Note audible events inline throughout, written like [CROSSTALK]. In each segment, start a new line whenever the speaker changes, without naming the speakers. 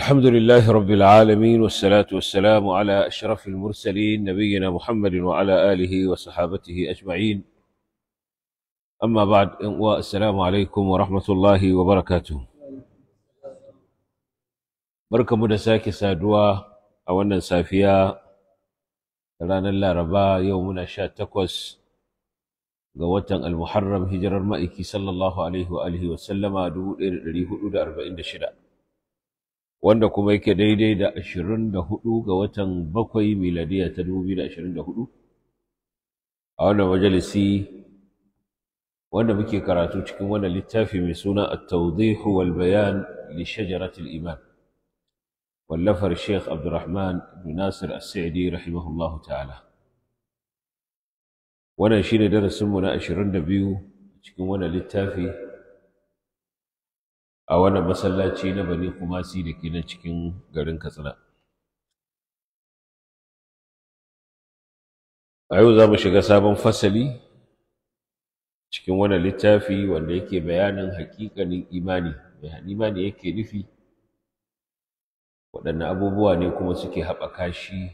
الحمد لله رب العالمين والصلاة والسلام على أشرف المرسلين نبينا محمد
وعلى آله وصحابته أجمعين أما بعد والسلام عليكم ورحمة الله وبركاته بركة مدساكي سادوا أولا سافيا رانا الله ربا يومنا شاء تكوس ga watan almuharram hijirar ma'aiki sallallahu alaihi wa alihi wa sallama 1446 wanda kuma yake daidai da ashirin da hudu ga watan bakwai miladiya ta dubu ashirin da hudu a wannan majalisi wanda muke karatu cikin wannan littafi mai suna at-tawdihu wal bayan li shajarat iman wallafar sheikh abdurrahman bin nasir as-sa'di rahimahullahu ta'ala wannan shine darasinmu na ashirin da biyu cikin wannan
littafi a wannan masallaci na bani kumasi da ke nan cikin garin katsina a yau za mu shiga sabon fasali cikin wannan littafi
wanda yake bayanin haƙiƙanin imani mai imani yake nufi waɗanne abubuwa ne kuma suke haɓaka shi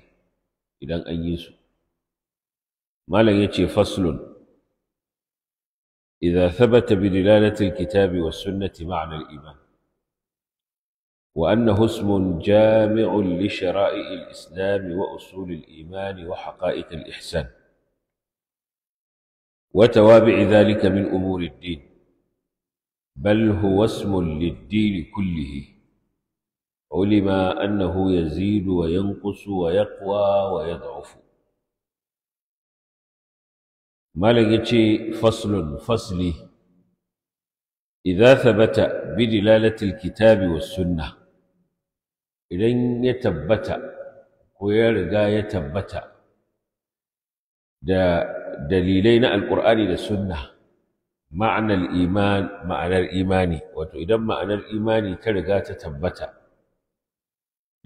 idan an yi su malam ya ce faslun إذا ثبت بدلالة الكتاب والسنة معنى الإيمان وأنه اسم جامع لشرائع الإسلام وأصول الإيمان وحقائق الإحسان وتوابع ذلك من أمور الدين بل هو اسم للدين كله علم أنه يزيد وينقص ويقوى ويضعف malam yace faslun fasli idza thabata bi dilalati alkitabi was sunnah idan ya tabbata ko ya riga ya tabbata da dalilai na alkur'ani da sunna ma'anar iman ma'anar imani wato idan ma'anar imani ta riga ta tabbata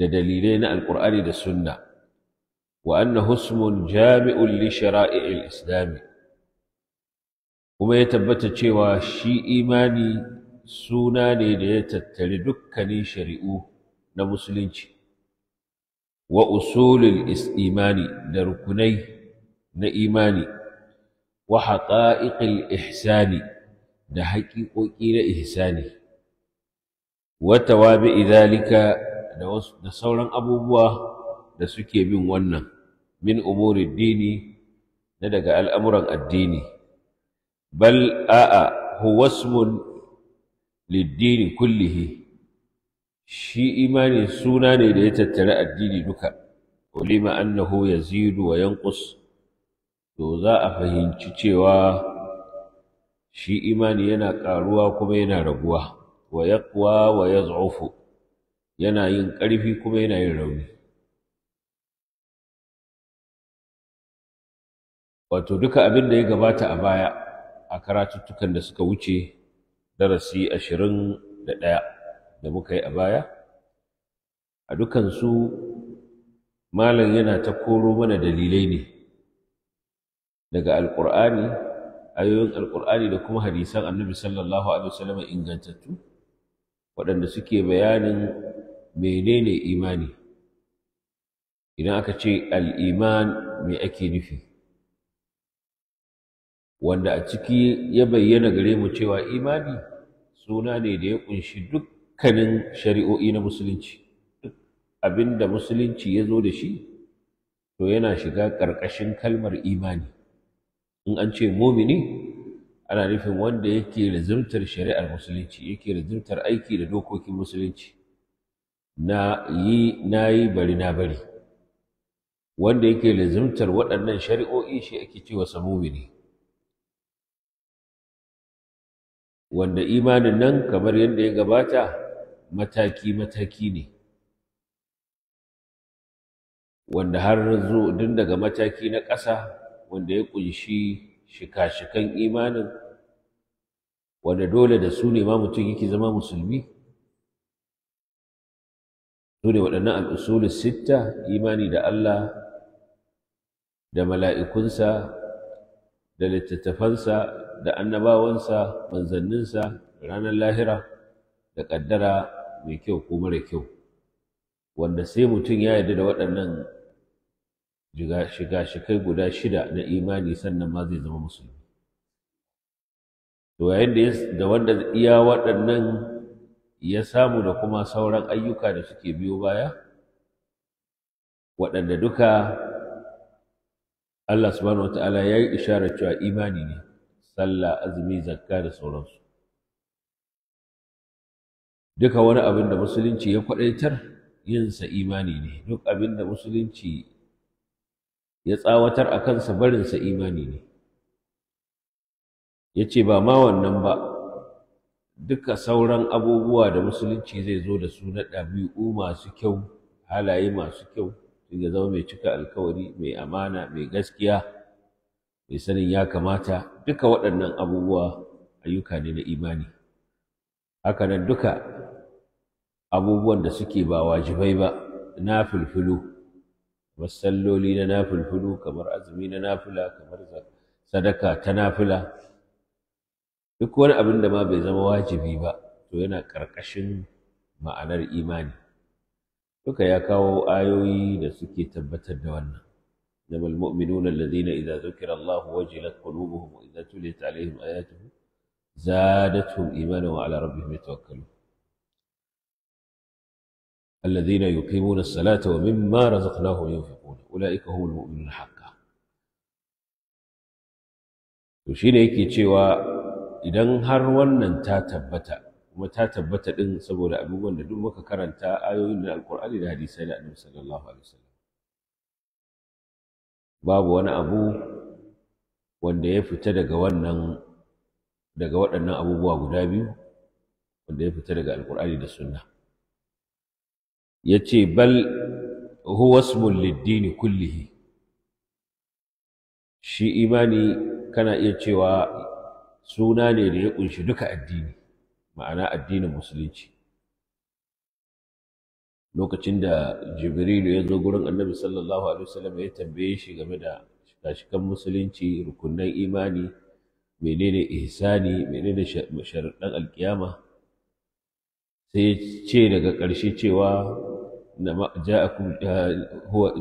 da dalilai na Alƙur'ani da sunna wa annahu husmun jami'un li shara'i'il islami kuma ya tabbata cewa shi imani suna ne da ya tattari dukkanin shari'u na musulunci wa usulul imani da rukunai na imani wa haƙa'iƙil ihsani da haƙiƙoƙi na ihsani Wata wabi zalika da sauran abubuwa da suke bin wannan min umuri dini na daga al'amuran addini bal a'a huwa ismun lid-din shi imani suna ne da ya tattara addini duka ulima annahu yazidu wa yanqus to za a fahimci cewa shi imani yana
ƙaruwa kuma yana raguwa wa yaqwa wa yaz'ufu yana yin ƙarfi kuma yana yin rauni wato duka abinda ya gabata a baya a karatuttukan da suka wuce
darasi ashirin da ɗaya da muka yi a baya a dukansu malam yana ta koro mana dalilai ne daga alƙur'ani ayoyin alƙur'ani da kuma hadisan annabi sallallahu alaihi wasallam ingantattu waɗanda suke bayanin menene imani idan aka ce al'iman me ake nufi wanda a ciki ya bayyana gare mu cewa imani suna ne da ya ƙunshi dukkanin shari'o'i na musulunci duk abin da musulunci ya zo da shi to yana shiga ƙarƙashin kalmar imani in an ce mumini ana nufin wanda yake rizimtar shari'ar musulunci yake rizimtar aiki da dokokin musulunci na yi na yi bari na bari wanda yake rizimtar waɗannan shari'o'i shi ake cewa samumi wanda imanin nan kamar yadda ya gabata mataki-mataki ne wanda har zo din daga mataki na ƙasa wanda ya ƙunshi shika-shikan imanin wanda dole da su ne ma mutum yake zama musulmi su ne waɗannan al’usulu sitta imani da Allah da mala'ikunsa da littattafansa da annabawansa manzanninsa ranar lahira da ƙaddara mai kyau ko mara kyau wanda sai mutum ya yarda da waɗannan shiga-shikai guda shida na imani sannan ma zai zama musulmi to yayin da da wanda iya waɗannan ya samu da kuma sauran ayyuka da suke biyo baya waɗanda duka Allah subhanahu ta'ala ya yi isharar cewa imani ne sallah azumi zakka da sauransu duka wani abin da musulunci ya kwadaitar sa imani ne duk abin da musulunci ya tsawatar a kansa barinsa imani ne ya ce ba ma wannan ba duka sauran abubuwa da musulunci zai zo da su na dabi'u masu kyau halaye masu kyau ya zama mai cika alkawari mai amana mai gaskiya mai sanin ya kamata duka waɗannan abubuwa ayyuka ne na imani haka nan duka abubuwan da suke ba wajibai ba na fulfulu kamar salloli na nafulfulu kamar azumi na nafula, kamar sadaka ta nafula. duk wani abin da ma bai zama wajibi ba to yana ƙarƙashin ma'anar imani duka ya kawo ayoyi da suke tabbatar da wannan إنما المؤمنون الذين إذا ذكر الله وجلت قلوبهم وإذا تليت عليهم آياته زادتهم إيمانا وعلى ربهم يتوكلون الذين يقيمون الصلاة ومما رزقناهم ينفقون أولئك هم المؤمنون حقا وشين يكي تشيوا idan har wannan ta tabbata kuma ta tabbata din saboda abubuwan da duk muka karanta ayoyin da alkur'ani da hadisai da annabi sallallahu alaihi wasallam babu wani abu wanda ya fita daga wannan daga waɗannan abubuwa guda biyu wanda ya fita daga alƙur'ani da sunna Ya ce bal huwa smun liddini kullihi shi imani kana iya cewa suna ne da ya ƙunshi duka addini ma'ana addinin musulunci lokacin da jibrilu ya zo gurin annabi sallallahu alaihi wasallam ya tambaye shi game da shikashikan musulunci rukunan imani menene ihsani menene sharaɗan alkiyama sai ce daga ƙarshe cewa ja'akum eh,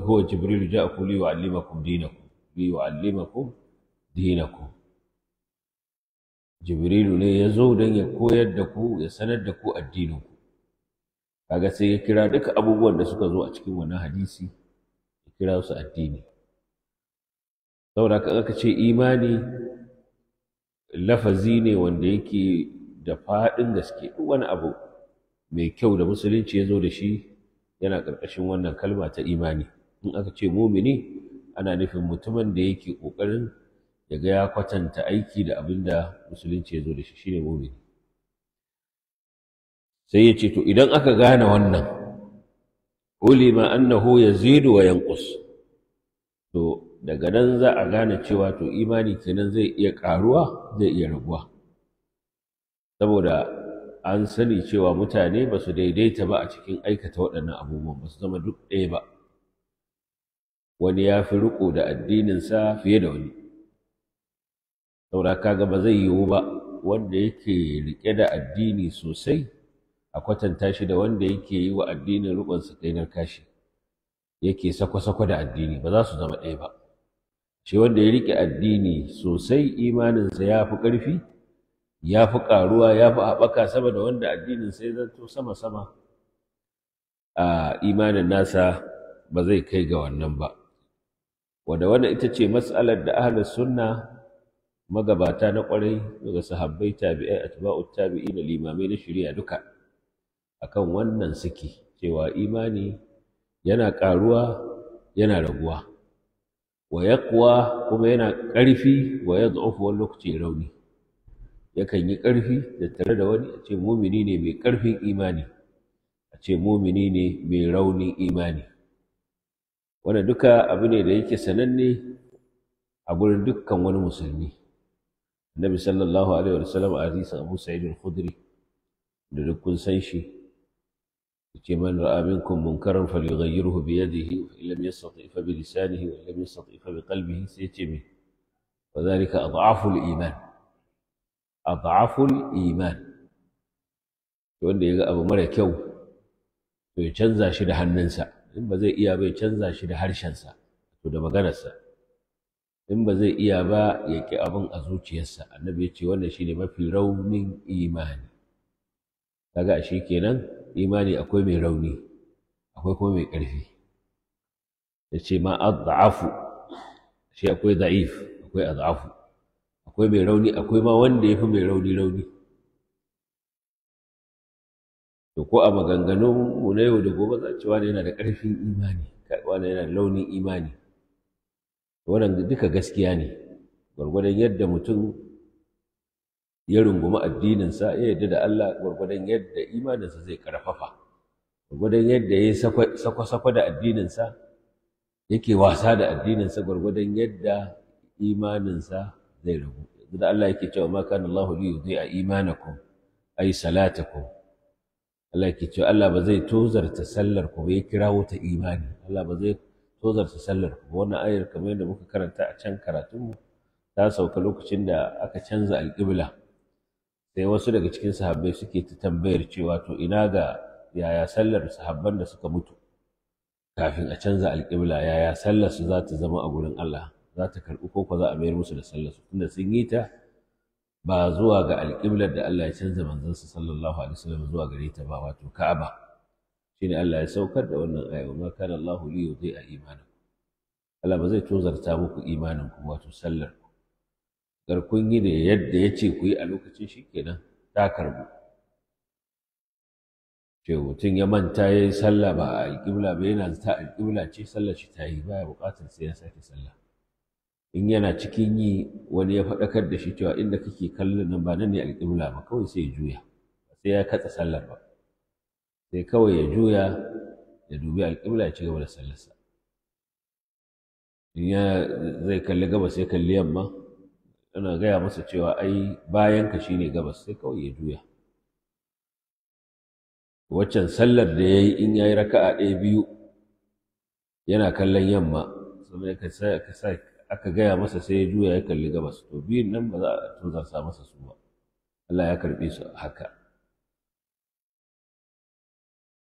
huwa jibrilu ja'akum li yu'allimakum dinakum li yu'allimakum dinakum jibrilu ne ya zo don ya koyar da ku ya sanar da ku addininku kaga sai ya kira duka abubuwan da suka zo a cikin wannan hadisi ya kira su addini saboda haka aka ce imani lafazi ne wanda yake da faɗin gaske duk wani abu mai kyau da musulunci ya zo da shi yana ƙarƙashin wannan kalma ta imani in aka ce mumini ana nufin mutumin da yake ƙoƙarin ya ga ya kwatanta aiki da abin da musulunci ya zo da shi shine mumini sai ya ce to idan aka gane wannan ulima annahu yazidu wa yanqus to daga nan za a gane cewa to imani kenan zai iya karuwa zai iya raguwa saboda an sani cewa mutane ba su daidaita ba a cikin aikata waɗannan abubuwan ba su zama duk ɗaya ba wani ya fi riƙo da addininsa fiye da wani saboda kaga ba zai yiwu ba wanda yake riƙe da addini sosai a kwatanta shi da wanda yake yi wa addinin rukun su kainar kashi yake sako-sako da addini ba za su zama ɗaya ba shi wanda ya rike addini sosai imaninsa ya fi ƙarfi ya fi ƙaruwa ya fi haɓaka sama da wanda addinin ya zanto sama-sama a imanin nasa ba zai kai ga wannan ba wanda wannan ita ce matsalar da ahlus sunna magabata na ƙwarai daga sahabbai tabi'ai tabi'i da limamai na shari'a duka akan wannan suke cewa imani yana ƙaruwa yana raguwa wa kuwa kuma yana ƙarfi wa zuwa wani lokaci rauni yakan yi ƙarfi da tare da wani a ce mumini ne mai ƙarfin imani a ce mumini ne mai raunin imani wanda duka abu ne da yake sananne a gurin dukkan wani musulmi annabi sallallahu alaihi wasallam a hadisin abu sa'id al da duk kun san shi yace man ra'a minkum munkaran falyughayyirhu bi yadihi wa illam yastati fa bi lisanihi wa illam yastati fa bi qalbihi sai yace me wa zalika adhafu al-iman adhafu al-iman wanda yaga abu mara kyau to ya canza shi da hannunsa in ba zai iya ba ya canza shi da harshensa to da maganarsa in ba zai iya ba ya ƙi a zuciyarsa annabi ya ce wannan shine mafi raunin imani kaga ashe kenan imani akwai mai rauni akwai kuma mai ƙarfi ya ce ma za'afu, shi akwai za'if akwai za'afu, akwai mai rauni akwai ma wanda ya fi mai rauni rauni to ko a maganganun mu na yau da gobe za ce wani yana da ƙarfin imani wani yana da launin imani wannan duka gaskiya ne gwargwadon yadda mutum ya rungumi addininsa ya yarda da Allah gwargwadon yadda imaninsa zai karfafa gwargwadon yadda ya sako-sako da addininsa yake wasa da addininsa gwargwadon yadda imaninsa zai ragu da Allah yake cewa ma kana Allah li yudhi'a imanakum ay salatakum Allah yake cewa Allah ba zai tozarta sallar ku ba ya kira ta imani Allah ba zai tozarta sallar ku wannan ayar kamar yadda muka karanta a can karatunmu ta sauka lokacin da aka canza alƙibla sai wasu daga cikin sahabbai suke ta tambayar cewa to ina ga yaya sallar sahabban da suka mutu kafin a canza alƙibla yaya sallar su za ta zama a gurin Allah za ta karɓi ko ko za a mayar musu da sallar su tunda sun yi ta ba zuwa ga alƙiblar da Allah ya canza manzansa sallallahu alaihi wasallam zuwa gare ta ba wato Ka'aba shine Allah ya saukar da wannan aya wa ma kana Allahu li yudhi'a imanakum Allah ba zai tozarta muku imanin ku wato sallar garkun yi da yadda ya ce ku yi a lokacin shi kenan ta karbu ce mutum ya manta ya yi sallah ba a alƙibla ba yana ta alƙibla ce sallar shi ta yi ba baya buƙatar sai ya sake sallah in yana cikin yi wani ya faɗakar da shi cewa inda kake kallon nan ba nan ne alƙibla ba kawai sai ya juya sai ya katsa sallar ba sai kawai ya juya ya dubi alƙibla ya ci gaba da sallarsa in ya zai kalli gaba sai kalli yamma yana gaya masa cewa ai bayanka ne gabas sai kawai ya juya waccan sallar da ya yi in ya yi raka'a ɗaya biyu yana kallon yamma sannan aka gaya masa sai ya juya ya kalli gabas to biyun nan ba za a tozarsa masa su ba Allah ya karɓe su haka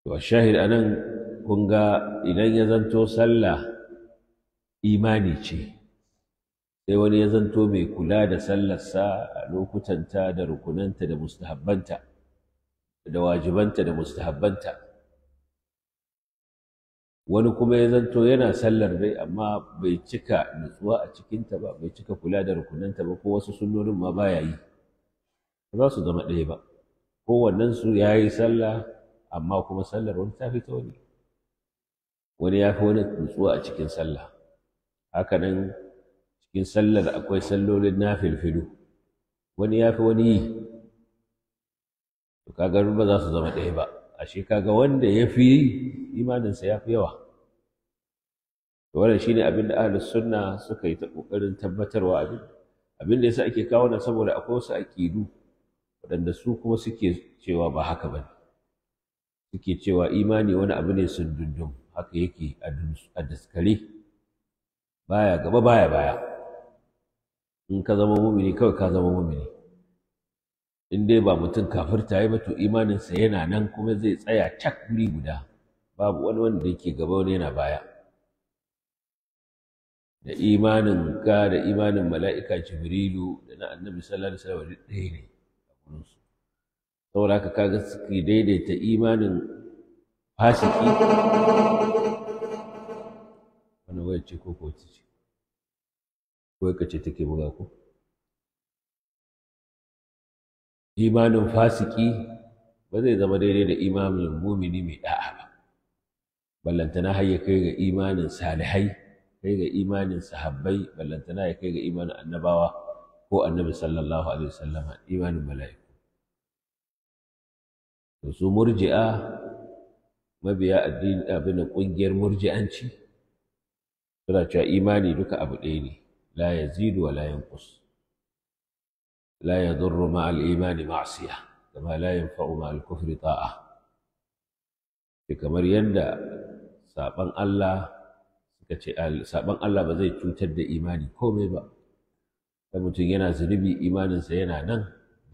to shahid anan kun ga idan ya zanto sallah imani ce sai wani ya zanto mai kula da sallarsa a lokutanta da rukunanta da mustahabbanta da wajibanta da mustahabbanta wani kuma ya zanto yana sallar dai amma bai cika nutsuwa a cikinta ba bai cika kula da rukunanta ba ko wasu sunnonin ma baya yi za su zama ɗaya ba su ya yi sallah amma kuma sallar wani ta fi ta wani wani ya fi wani nutsuwa a cikin sallah haka nan cikin sallar akwai sallolin nafilfilu wani ya fi wani yi kaga ba za su zama ɗaya ba ashe kaga wanda ya fi imaninsa ya fi yawa to wannan shine abin da ahlus sunna suka yi ta kokarin tabbatarwa abin abin da yasa ake kawo nan saboda akwai wasu aqidu waɗanda su kuma suke cewa ba haka ne? suke cewa imani wani abu ne sun dundum haka yake a daskare baya gaba baya baya in ka zama mumini kawai ka zama mumini in dai ba mutum kafirta ya ba to imaninsa yana nan kuma zai tsaya cak guri guda babu wani wanda yake gaba wani yana baya da imanin ka da imanin mala'ika jibrilu da na annabi sallallahu alaihi wasallam ɗaya ne a saboda haka kaga suke daidaita imanin fasiki
Wani wayar ce ko ko ce ko ce take buga ku imanin
fasiki ba zai zama daidai da imanin mumini mai da'a ba ballantana har ya kai ga imanin salihai kai ga imanin sahabbai ballantana ya kai ga imanin annabawa ko annabi sallallahu alaihi wasallama imanin mala'iku to su murji'a mabiya addini abin kungiyar murji'anci suna cewa imani duka abu ɗaya ne la yazidu wa la yanqus la yadurru ma al-imani ma'siyah kama la yanfa'u ma al kamar yadda saban Allah suka cutar da imani komai ba da mutum yana zunubi imaninsa yana nan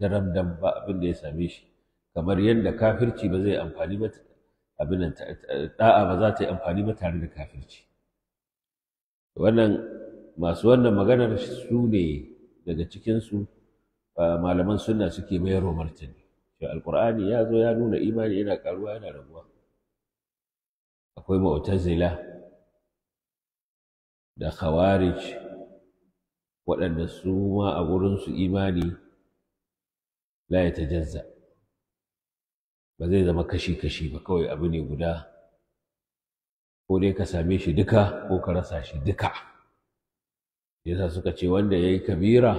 daram dam ba abin ya same shi kamar yadda kafirci ba zai ba abin yi amfani ba tare da kafirci wannan masu wannan maganar su ne daga cikinsu malaman sunna suke mayar wa martani to alqur'ani ya zo ya nuna imani yana karuwa yana rabuwa. akwai mu'tazila da khawarij waɗanda su ma a su imani la ya tajazza ba zai zama kashi-kashi ba kawai abu ne guda ko dai ka same shi duka ko ka rasa shi duka yasa suka ce wanda ya yi kabira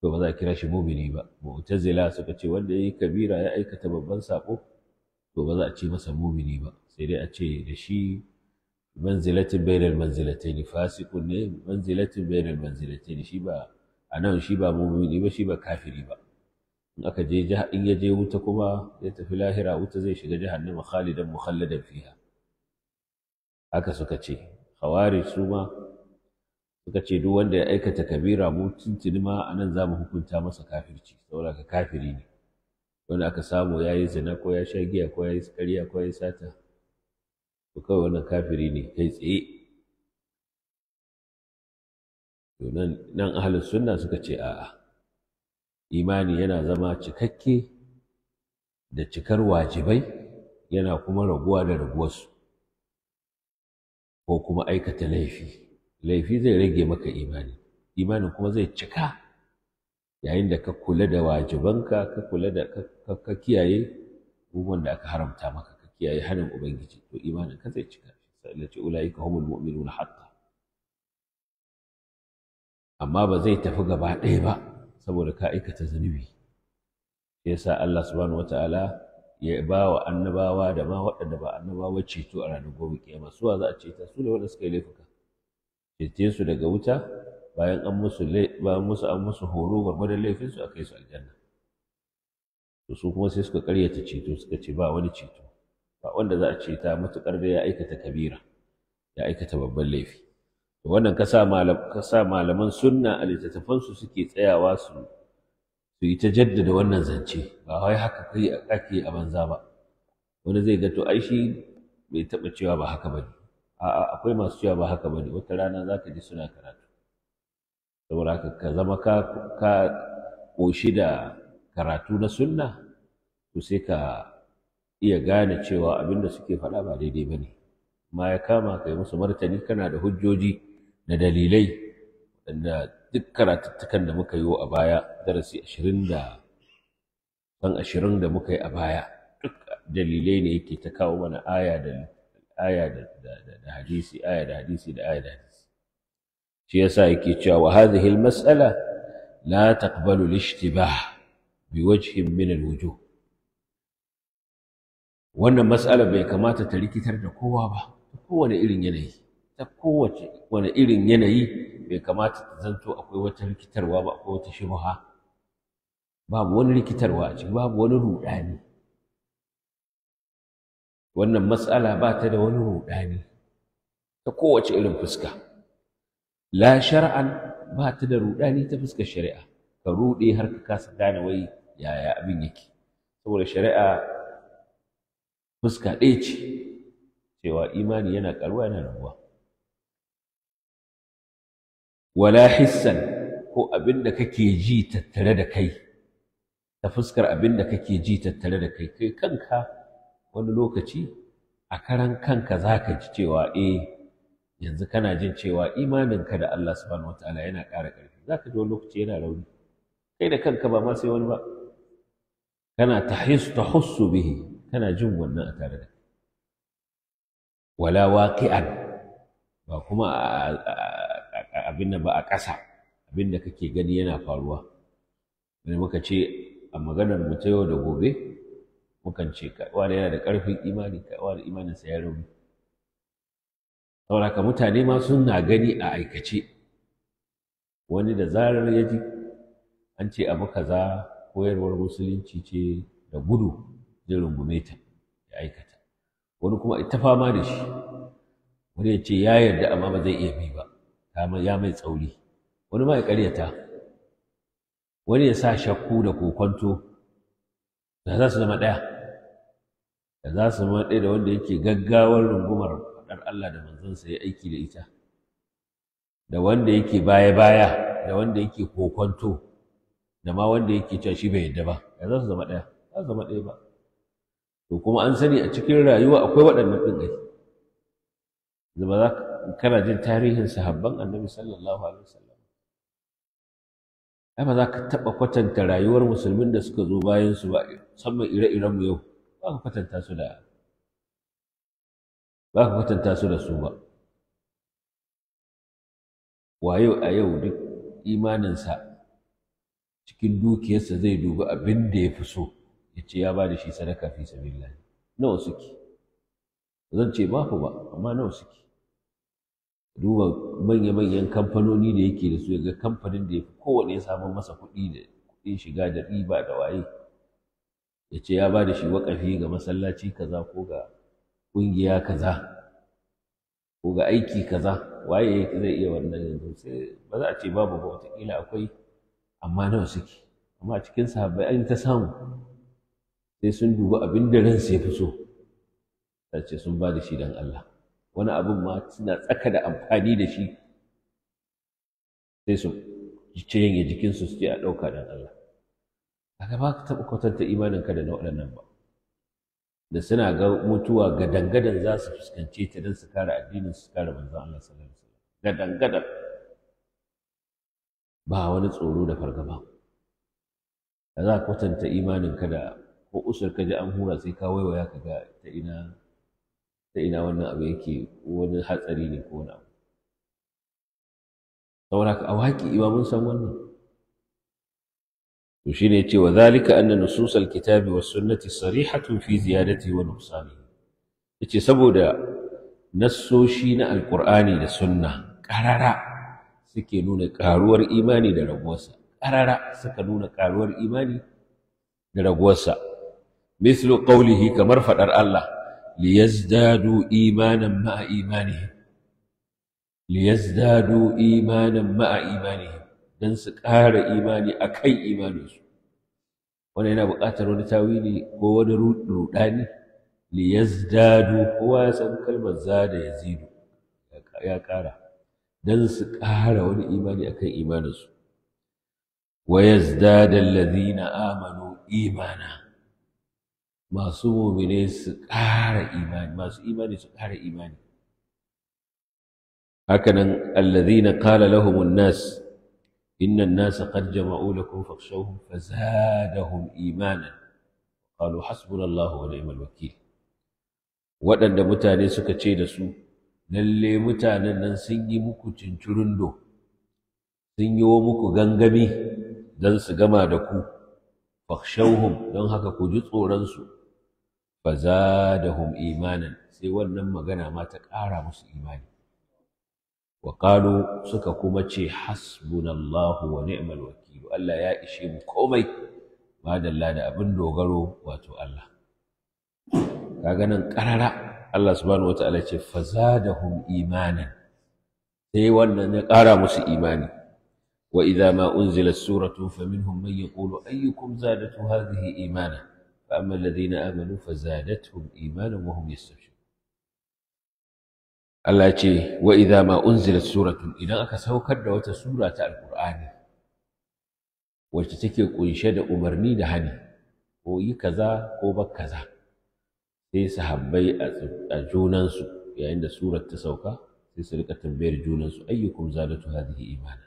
to ba za a kira shi mumini ba mu'tazila suka ce wanda ya yi kabira ya aikata babban sako to ba za a ce masa mumini ba sai dai a ce da shi manzilatin bainal manzilataini fasikun ne manzilatin bainal manzilataini shi ba a nan shi ba mumini ba shi ba kafiri ba in aka je in ya je wuta kuma ya tafi lahira wuta zai shiga jahannama khalidan mukhalladan fiha haka suka ce khawarij su ma suka ce duk wanda ya aikata kabira mu tuntuni ma a nan za mu hukunta masa kafirci saboda ka kafiri ne wanda aka samu ya yi zina ko ya sha giya ko ya yi karya ko ya yi sata to kawai wannan kafiri ne kai tsaye to nan nan ahlus sunna suka ce a'a imani yana zama cikakke da cikar wajibai yana kuma raguwa da raguwarsu ko kuma aikata laifi laifi zai rage maka imani imanin kuma zai cika yayin da ka kula da wajibanka ka kula da ka kiyaye abubuwan da aka haramta maka ka kiyaye hanin ubangiji to imanin ka zai cika sai Allah ce ka humul mu'minuna haqqan amma ba zai tafi gaba ɗaya ba saboda ka aikata zunubi yasa Allah subhanahu wataala ya ba wa annabawa da ma waɗanda ba annabawa ceto a ranar gobe kiyama suwa za a ceta su ne wanda suka yi laifuka cece su daga wuta bayan an musu bayan musu an musu horo gwargwadon laifin su akai su aljanna to su kuma sai suka karyata ceto suka ce ba wani ceto ba wanda za a ceta matukar da ya aikata kabira ya aikata babban laifi to wannan kasa malam sa malaman sunna a littattafan su suke tsayawa su su yi ta jaddada wannan zance ba wai haka kai kake a banza ba wani zai ga to ai bai taba cewa ba haka ba a'a akwai masu cewa ba haka bane wata rana za ka ji suna karatu saboda haka ka zama ka ka koshi da karatu na sunna to sai ka iya gane cewa abin da suke faɗa ba daidai ba ne. ma ya kama ka yi musu martani kana da hujjoji da dalilai da duk karatuttukan da muka yi a baya darasi ashirin da kan ashirin da muka yi a baya duk dalilai ne yake ta kawo mana aya da aya da hadisi aya da hadisi da aya da hadisi shi yasa yake cewa wa hadhihi almas'ala la taqbalu al-ishtibah biwajhin min al-wujuh wannan mas'ala bai kamata ta rikitar da kowa ba ta kowane irin yanayi ta kowace wani irin yanayi bai kamata ta zanto akwai wata rikitarwa ba akwai wata shubha babu wani rikitarwa a ciki babu wani rudani. wannan matsala ba ta da wani ruɗani ta kowace irin fuska la shar'an ba ta da ruɗani ta fuskar shari'a ka ruɗe har ka kasa gane wai yaya abin yake saboda shari'a fuska ɗaya ce cewa imani yana ƙaruwa yana rabuwa wala hissan ko abin da kake ji tattare da kai ta fuskar abin da kake ji tattare da kai kai kanka wani lokaci a karan kanka za ka ji cewa eh yanzu kana jin cewa imaninka da Allah subhanahu ta'ala yana ƙara ƙarfi za ka ji wani lokaci yana rauni kai da kanka ba ma sai wani ba kana tahis tahussu bihi kana jin wannan a tare da wala waqi'an ba kuma abin da ba a ƙasa abin da kake gani yana faruwa wani muka ce a maganar mu ta yau da gobe mukan ce kaɗuwa yana da ƙarfin imani kaɗuwa da imaninsa ya rauni saboda mutane ma suna gani a aikace wani da zarar ya ji an ce abu kaza koyarwar musulunci ce da gudu zai rungume ta ya aikata wani kuma ita fama da shi wani ya ce ya yarda amma ba zai iya bi ba ya mai tsauri wani ma ya karyata wani ya sa shakku da kokonto da za su zama ɗaya da za su zama ɗaya da wanda yake gaggawar rungumar faɗar Allah da manzansa ya aiki da ita da wanda yake baya-baya da wanda yake kokonto da ma wanda yake cewa shi bai yadda ba ya za su zama ɗaya za su zama ɗaya ba to kuma an sani a cikin rayuwa akwai waɗannan ɗin ɗai zama za kana jin tarihin sahabban annabi sallallahu alaihi wasallam ai ba za ka taɓa kwatanta rayuwar musulmin da suka zo
bayan su ba musamman ire iren mu yau ba ka kwatanta su da su da su ba Waye
a yau duk imaninsa cikin dukiyarsa zai dubi abin da ya fi so ya ce ya ba da shi sadaka fi sabilillah nawa suke zan ce ba ku ba amma nawa suke duba manya-manyan kamfanoni da yake da su ya ga kamfanin da ya fi kowane ya samun masa kuɗi da kuɗin shiga da riba da waye ya ce ya ba da shi waƙafi ga masallaci kaza ko ga ƙungiya kaza ko ga aiki kaza waye zai iya wannan yanzu sai ba za a ce babu ba wataƙila akwai amma nawa suke amma cikin sahabbai an ta samu sai sun dubi abin da ransa ya fi so ce sun ba da shi dan Allah wani abin ma suna tsaka da amfani da shi sai su ce yin jikinsu su ce a ɗauka dan Allah kaga ba ka taɓa kwatanta imaninka da na waɗannan ba da suna ga mutuwa gadangadan za su fuskance ta don su kare addinin su kare manzon Allah sallallahu alaihi wasallam gadangadan ba wani tsoro da fargaba da za ka kwatanta imaninka da ko usur ka ji an hura sai ka waiwaya ka ga ta ina ta ina wannan abu yake wani hatsari ne ko wani abu saboda ka a waƙi san wannan to shine yace wa zalika anna nusus alkitabi was sunnati sarihatun fi ziyadati wa nuqsani yace saboda nassoshi na alqur'ani da sunna qarara suke nuna karuwar imani da raguwarsa qarara suka nuna karuwar imani da raguwarsa mislu qawlihi kamar fadar Allah liyazdadu imanan ma'a imanihim liyazdadu imanan imanihim don su ƙara imani a kan imaninsu wani yana buƙatar wani tawili ko wani ruɗani li yazdadu kowa ya san kalmar zada ya zidu ya ƙara don su ƙara wani imani akan imaninsu wa yazdada alladhina amanu imana masu mumine su ƙara imani masu imani su ƙara imani hakanan alladhina qala lahumun nas إن الناس قد جمعوا لكم فاخشوهم فزادهم إيمانا قالوا حسبنا الله ونعم الوكيل waɗanda mutane suka ce da su lalle mutanen nan sun yi muku cincirindo sun yi wa muku gangami don su gama da ku fakhshawhum don haka ku ji tsoronsu fazadahum imanin, sai wannan magana ma ta ƙara musu imani وقالوا سككم شي حسبنا الله ونعم الوكيل ألا يا إشي مكومي ما دل لنا أبن دوغرو واتو الله كاغنا نقرر الله سبحانه وتعالى فزادهم إيمانا سيوانا نقرر مس إيماني وإذا ما أنزلت سورة فمنهم من يقول أيكم زادت هذه إيمانا فأما الذين آمنوا فزادتهم إيمانا وهم يستشعرون Allah ce wa idza ma unzilat suratun idan aka saukar da wata sura ta alqur'ani wacce take kunshe da umarni da hani ko yi kaza ko bar kaza sai sahabbai a junansu yayin da surar ta sauka sai su rika tambayar junansu ayyukum zadatu hadhihi imana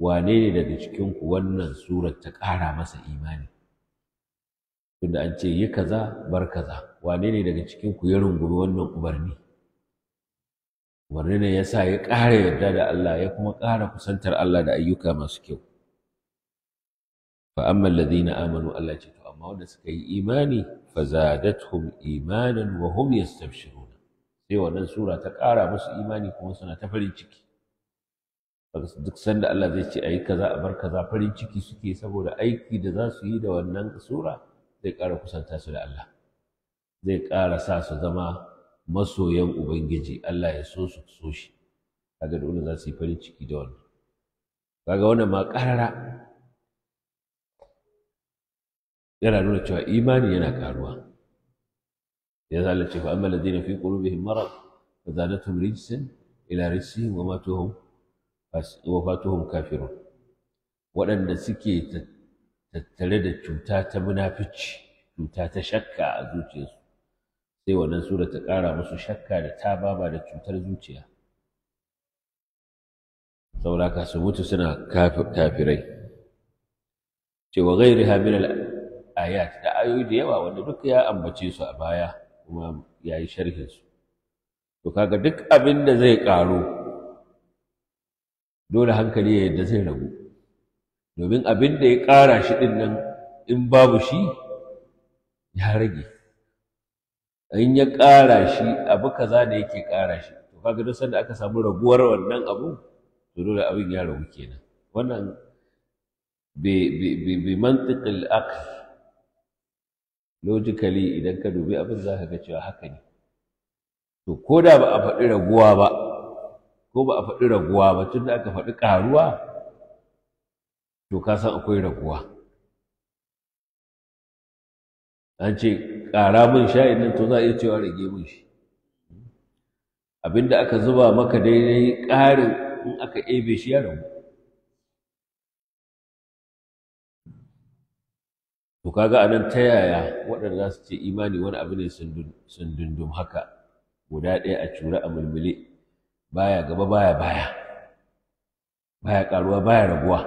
wane ne daga cikin ku wannan surar ta ƙara masa imani tunda an ce yi kaza bar kaza wane ne daga cikin ku ya rungumi wannan umarni Wani ne ya sa ya ƙara yarda da Allah ya kuma ƙara kusantar Allah da ayyuka masu kyau. Fa amma alladhina amanu Allah ce to amma wanda suka yi imani fa zadatuhum imanan wa hum yastabshiruna. Sai wannan sura ta ƙara masu imani kuma suna ta farin ciki. duk sanda Allah zai ce ayi kaza a bar kaza farin ciki suke saboda aiki da za su yi da wannan sura zai ƙara kusanta su da Allah. Zai ƙara sa su zama masoyan ubangiji Allah ya so su so shi kaga dole za su yi farin ciki da wannan kaga wannan ma karara yana nuna cewa imani yana karuwa ya zala ce fa amma ladina fi qulubihim marad fa zadatuhum rijsan ila rijsihim wa matuhum wa fatuhum kafirun waɗanda suke tattare da cuta ta munafici cuta ta shakka a zuciyarsu sai wannan sura ta ƙara musu shakka da tababa da cutar zuciya sauraka su mutu suna kafirai cewa gairi hamil ayat da ayoyi da yawa wanda duk ya ambace su a baya kuma ya yi sharhinsu to kaga duk abin da zai ƙaru dole hankali ya yadda zai ragu domin abin da ya ƙara shi ɗin nan in babu shi ya rage in ya ƙara shi abu kaza da yake ƙara shi to kaga duk sanda aka samu raguwar wannan abu to dole abin ya ragu kenan wannan bi mantiqil aql logically idan ka dubi abin zaka ka ga cewa haka ne to ko da ba a faɗi raguwa ba ko ba a faɗi raguwa ba tun da aka faɗi ƙaruwa to ka san akwai raguwa an ce ƙara min sha'in nan to za a iya cewa rage min shi abinda aka zuba maka daidai ƙarin in aka ebe shi ya rabu to kaga anan ta yaya waɗanda za su ce imani wani abu ne sun dundum haka guda ɗaya a cura a mulmule baya gaba baya baya baya ƙaruwa baya raguwa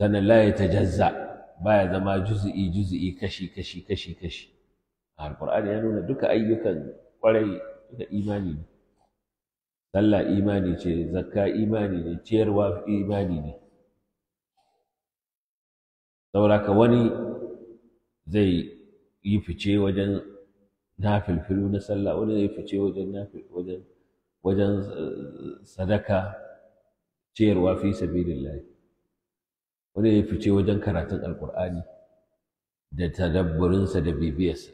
sannan la ya jazza. baya zama juzu'i juzu'i kashi kashi kashi kashi alqur'ani ya nuna duka ayyukan kwarai da imani ne sallah imani ce zakka imani ne ciyarwa imani ne sauraka wani zai yi fice wajen nafilfilu na sallah wani zai fice wajen wajen wajen eh, sadaka ciyarwa fi sabilillah wanda ya fice wajen karatun alkur'ani da tadabburinsa da bibiyarsa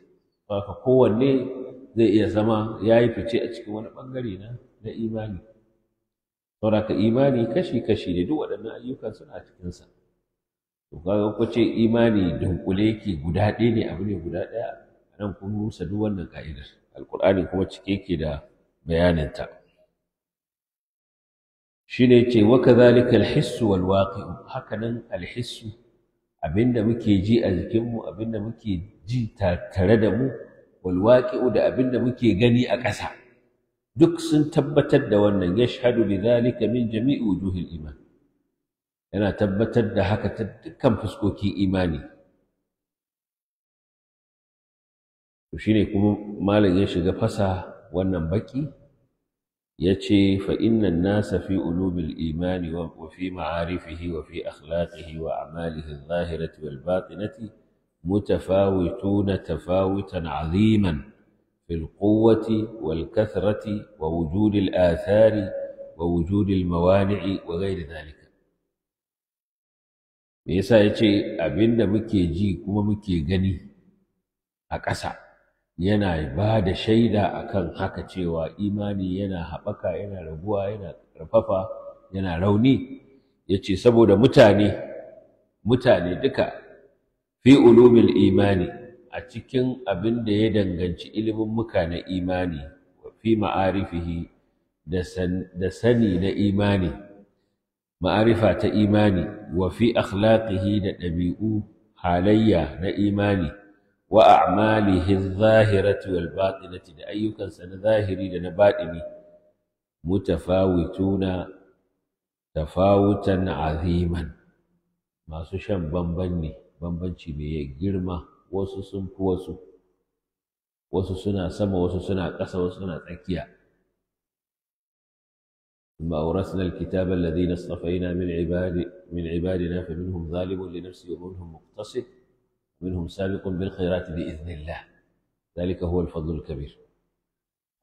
haka kowanne zai iya zama ya yi fice a cikin wani ɓangare na na imani saboda imani kashi-kashi ne duk waɗannan ayyukan suna cikinsa to ka ga ce imani dunkule ke guda ɗaya ne abu ne guda ɗaya nan kun rusa duk wannan ka'idar alkur'ani kuma cike ke da bayaninta shine yace wa kadhalika alhissu wal waqi'u hakanan alhissu abinda muke ji a jikin mu abinda muke ji tare da mu wal waqi'u da abinda muke gani a ƙasa duk sun tabbatar da wannan yashhadu bidhalika min jami'i wujuhil iman yana tabbatar da haka ta dukkan fuskokin imani to shine kuma malam ya shiga fasa wannan baki يتي فإن الناس في قلوب الإيمان وفي معارفه وفي أخلاقه وأعماله الظاهرة والباطنة متفاوتون تفاوتا عظيما في القوة والكثرة ووجود الآثار ووجود الموانع وغير ذلك ميسا يتي أبين مكي جي كما مكي جني أكسر yana ba da shaida a kan haka cewa imani yana haɓaka yana raguwa yana ƙarfafa yana rauni ya ce saboda mutane mutane duka fi ulumin imani a cikin abin da ya danganci ilimin muka na imani fi ma'arifihi da sani na imani ma'arifa ta imani wa fi akhlaqihi da ɗabi'u halayya na imani wa a'malihi adh-dhahirati da ayyukansa na zahiri da na baɗini mutafawituna tafawutan aziman masu shan bamban ne bambanci mai girma wasu sun fi wasu wasu suna sama wasu suna ƙasa wasu suna tsakiya ثم أورثنا الكتاب الذين اصطفينا من عباد من عبادنا فمنهم ظالم لنفسه ومنهم مقتصد منهم سابق بالخيرات بإذن الله ذلك هو الفضل الكبير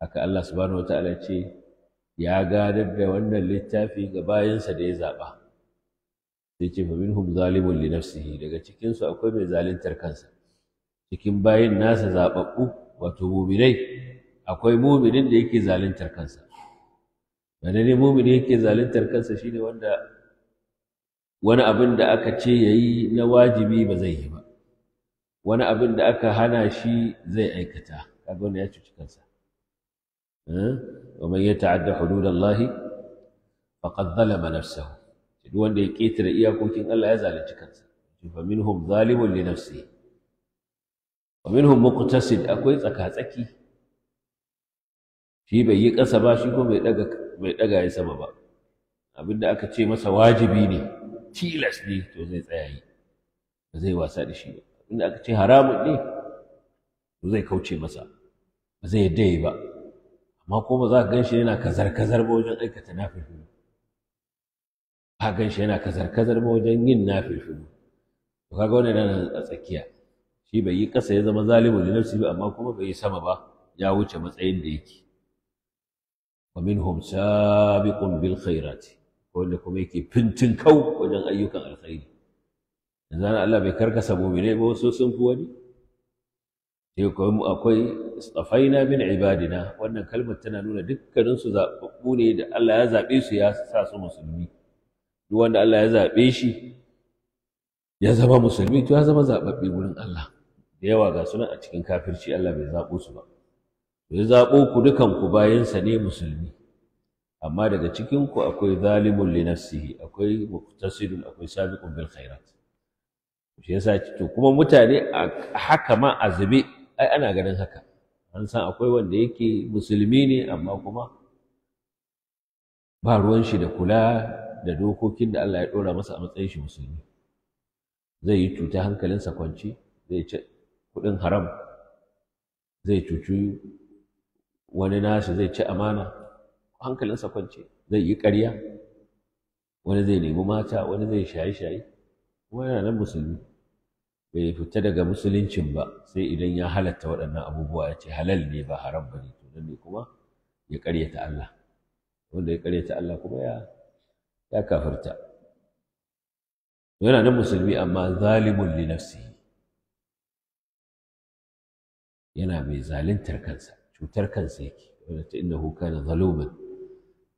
haka Allah subhanahu wataala ce ya gadar da wannan littafi ga bayansa da ya zaɓa sai ce fa minhum zalimun li nafsihi daga cikin su akwai mai zaluntar kansa cikin bayin nasa zaɓaɓɓu wato muminai akwai muminin da yake zaluntar kansa wanda ne mumini yake zaluntar kansa shine wanda wani abin da aka ce yayi na wajibi ba zai yi ba wani abin da aka hana shi zai aikata kaga wannan ya cuci kansa eh? wa man yata'adda hududallahi faqad zalama nafsahu duk wanda ya ketare iyakokin Allah ya zalunci kansa fa minhum zalimun li nafsihi wa minhum muqtasid akwai tsaka-tsaki shi bai yi ƙasa ba shi ko bai daga bai daga ya sama ba Abin da aka ce masa wajibi ne tilas ne to zai tsaya yi ba zai wasa da shi ba inda aka ce haramun ne zai kauce masa ba zai yadda yi ba amma kuma za ka ganshi yana kazar-kazar ba wajen aikata nafilu ka ganshi yana kazar-kazar ba wajen yin nafilu to kaga wani yana a tsakiya shi bai yi ƙasa ya zama zalimu da nafsi ba amma kuma bai yi sama ba ya wuce matsayin da yake wa minhum sabiqun bil khairati wanda kuma yake fintin kau wajen ayyukan alkhairi ana Allah bai karkasa mu'mine ba wasu sun fi wani sai kuma akwai tsafaina min ibadina wannan kalmar tana nuna dukkanin su zaɓaɓɓu ne da Allah ya zaɓe su ya sa su musulmi duk wanda Allah ya zaɓe shi ya zama musulmi to ya zama zaɓaɓɓe wurin Allah da yawa ga sunan a cikin kafirci Allah bai zaɓo su ba ya zaɓo ku dukanku bayansa ne musulmi amma daga cikinku akwai zalimun li akwai muqtasidun akwai sabiqun bil khairat shi yasa to kuma mutane haka ma a zube ai ana ganin haka an san akwai wanda yake musulmi ne amma kuma ba ruwan shi da kula da dokokin da Allah ya dora masa a matsayin shi musulmi zai yi cuta sa kwanci zai ci kuɗin haram zai cuci wani nashi zai ci amana Hankalin sa kwanci zai yi ƙarya wani zai nemi mata wani zai shaye-shaye kuma yana nan musulmi bai fita daga musuluncin ba sai idan ya halatta waɗannan abubuwa ya ce halal ne ba haram ba ne to nan ne kuma ya ƙaryata Allah wanda ya ƙaryata Allah kuma ya ya
kafirta yana nan musulmi amma zalimun li nafsihi yana mai zaluntar kansa cutar kansa yake
wanda ta innahu kana zaluman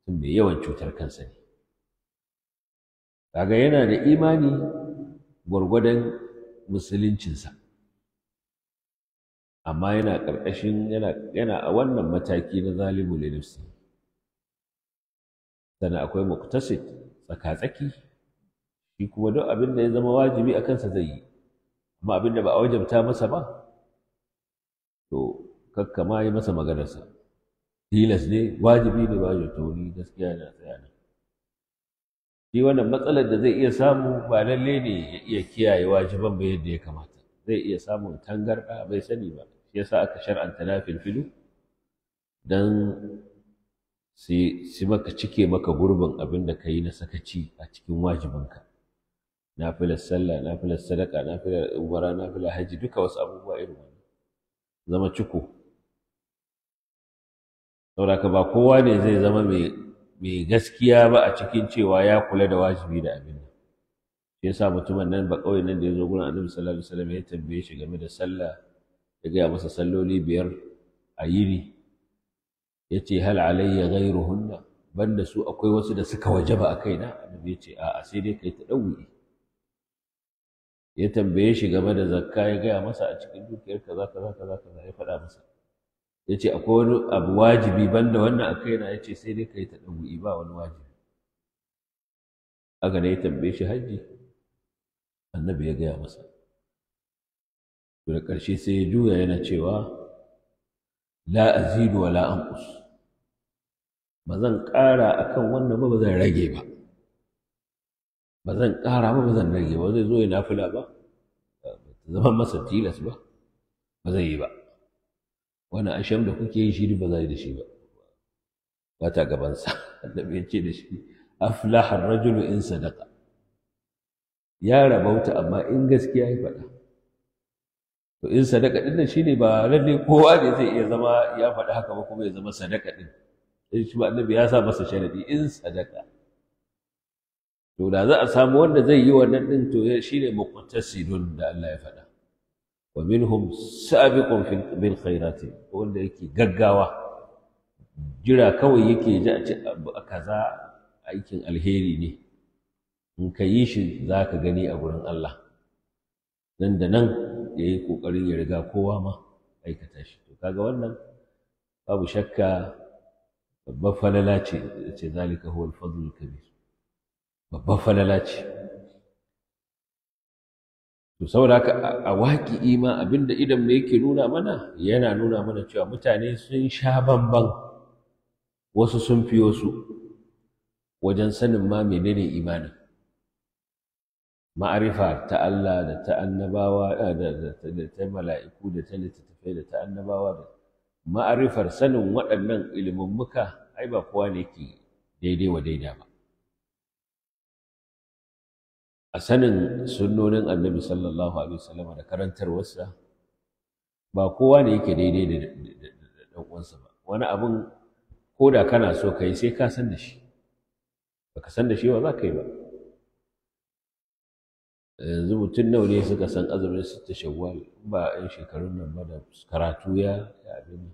mai yawan cutar kansa ne kaga yana da imani gwargwadon musuluncinsa amma yana ƙarƙashin yana a wannan mataki na zalimu li nafsi sannan akwai muktasid tsaka-tsaki shi kuma duk abin da ya zama wajibi a kansa zai yi amma abin da ba a wajabta masa ba to kakka ma yi masa maganarsa tilas ne wajibi ne ba wajabta wani gaskiya na tsaya shi wannan matsalar da zai iya samu ba lalle ne ya iya kiyaye wajiban ba yadda ya kamata zai iya samun tangarɗa bai sani ba shi yasa aka shar'anta na filfilu dan si si maka cike maka gurbin abin da ka na sakaci a cikin ka nafilar sallah nafilar sadaka nafilar umara nafilar haji duka wasu abubuwa irin wannan zama ciko saboda ka ba kowa ne zai zama mai mai gaskiya ba a cikin cewa ya kula da wajibi da abin nan shi yasa mutumin nan ba kawai nan da ya zo gurin annabi sallallahu alaihi wasallam ya tambaye shi game da sallah ya gaya masa salloli biyar a yini ya ce hal alayya ban da su akwai wasu da suka wajaba a kaina annabi ya ce a'a sai dai kai ta ɗauki ya tambaye shi game da zakka ya gaya masa a cikin dukiyar kaza kaza kaza kaza ya faɗa masa ya ce akwai wani abu wajibi banda wannan a kaina ya ce sai dai ka yi ta ɗabu'i ba wani wajibi aka na ya tambaye shi hajji annabi ya gaya masa to da ƙarshe sai ya juya yana cewa la azidu wa la anqus ba zan ƙara akan wannan ba ba zan rage ba ba zan ƙara ba ba zan rage ba zai zo ya nafila ba ba zama masa tilas ba ba zai yi ba wani asham da kuke yi shi ba za yi da shi ba ba ta gabansa [LAUGHS] annabi ya ce da shi aflaha rajulu in sadaka ya rabauta amma in gaskiya ya faɗa to in sadaka din nan shine ba lalle kowa ne zai iya zama ya faɗa haka ba kuma ya zama sadaka din in shi annabi ya sa masa sharadi in sadaka to da za a samu wanda zai yi wannan din to shine muqtasidun da Allah ya faɗa wa minhum sabiqun bil khairati wanda yake gaggawa jira kawai yake ji a kaza aikin alheri ne in ka yi shi za ka gani a gurin Allah nan da nan ya yi ƙoƙarin ya riga kowa ma aikata shi to kaga wannan babu shakka babban falala ce ce zalika huwa al kabir babbar falala ce to saboda haka a waƙi ima abinda idan mu yake nuna mana yana nuna mana cewa mutane sun sha bamban wasu sun fi wasu wajen sanin ma menene imani ma'arifa ta Allah da ta annabawa eh, da ta mala'iku da ta littattafai da ta annabawa da ma'arifar sanin waɗannan ilimin muka ai ba kowa ne ke daidai wa daidai ba a sanin sunnonin annabi sallallahu alaihi wasallam da karantarwarsa ba kowa ne yake daidai da ɗan uwansa ba wani abin ko da kana so ka yi sai ka san da shi baka san da shi ba za ka yi ba yanzu mutum nawa ne suka san azumin su ta shawwal ba yan shekarun nan ba da karatu ya abin